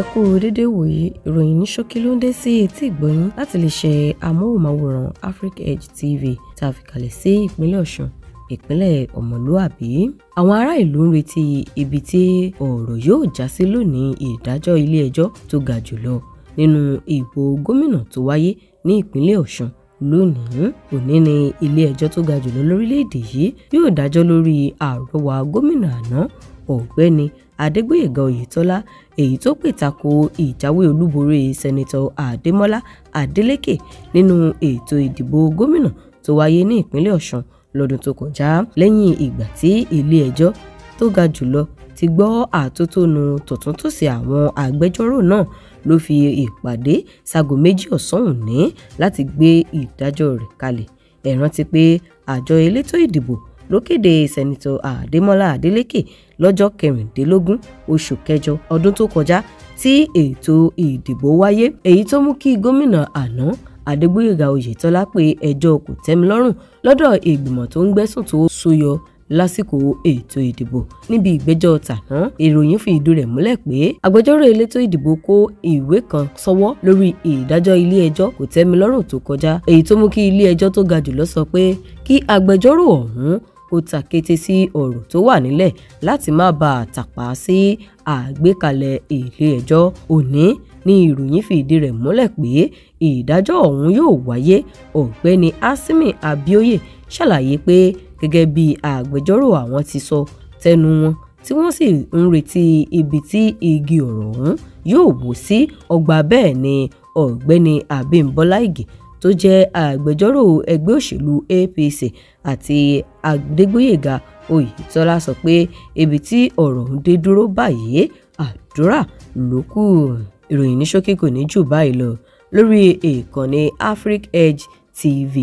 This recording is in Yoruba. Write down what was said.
ẹ kú dédé wòyí ìròyìn ní ṣókí ló ń dé sí etí ìgbọ́yín láti lè ṣe amóhùnmáwòrán Africa Edge TV tá a fi kalẹ̀ sí ìpínlẹ̀ Ọ̀ṣun ìpínlẹ̀ ọmọlúàbí àwọn ará ìlú ń retí ibi tí ọ̀rọ̀ yóò já sí lónìí ìdájọ́ ilé-ẹjọ́ tó ga jùlọ nínú ìbò gómìnà tó wáyé ní ìpínlẹ̀ Ọ̀ṣun lónìí òní ni ilé-ẹjọ́ tó ga jùlọ lórílẹ̀ yìí yóò dájọ́ lórí àrọwà gómìnà àná ọ̀gbẹ́ni adégbóyèga oyètọ́lá èyí tó pè tako ìjáwé olúborí sẹ́nitọ́ adémọ́lá adélèké nínú ètò ìdìbò gómìnà tó wáyé ní ìpínlẹ̀ ọ̀ṣun lọ́dún tó kọjá lẹ́yìn ìgbà tí ilé-ẹjọ́ tó ga jùlọ ti gbọ́ àtótónu tọ̀túntòsì àwọn agbẹjọ́rò náà ló fi ìpàdé sago méjì ọ̀sán òní láti gbé ìdájọ́ rẹ̀ kalẹ̀ ẹ rántí pé àjọ elétò ìdìbò ló kéde sẹ́nitọ̀ àdèmọ́lá adeleke lọ́jọ́ kẹrìndínlógún oṣù kẹjọ ọdún tó kọjá tí ètò ìdìbò wáyé èyí tó mú kí gómìnà àná adégbóyèga oyètọ́lá pé ẹjọ́ kò tẹ́milọ́rùn lọ́dọ̀ ìgbìmọ̀ tó ń gbẹ́sùn tó súyọ lásìkò ètò ìdìbò níbi ìgbẹ́jọ́ tàná ìròyìn fi ìdú rẹ̀ múlẹ̀ pé agbẹjọ́rò elétò ìdìbò kó ìwé kan sọ́wọ́ lórí ìdájọ́ ilé-ẹjọ́ kò tẹ́milọ́rùn tó kọjá èyí tó mú kí ilé-ẹjọ́ tó ga jùlọ sọ pé kí agbẹjọ́rò ọ̀hún kó tàkété sí ọ̀rọ̀ tó wà nílẹ̀ láti má bàa tàpá sí àgbékalẹ̀ ilé-ẹjọ́ òní ni ìròyìn fìdí rẹ̀ múlẹ̀ pé ìdájọ́ ọ̀hún yóò wáyé ọ̀gbẹ́ni asimi abioye ṣàlàyé pé gẹ́gẹ́ bí agbẹjọ́rò àwọn ti sọ tẹnu wọn tí wọ́n sì ń retí ibi tí igi ọ̀rọ̀ ọ̀hún yóò wò sí ọgbà bẹ́ẹ̀ ni ọ̀gbẹ́ni abímbọ́lá ìgè tó jẹ́ agbẹjọ́rò ẹgbẹ́ òṣèlú APC àti Adégbóyèga Oyètọ́lá sọ pé ibi tí ọ̀rọ̀ ń dé dúró báyìí àdúrà ló kù ìròyìn ní ṣókí kò ní jù báyìí lọ lórí ìkànnì Africa Edge TV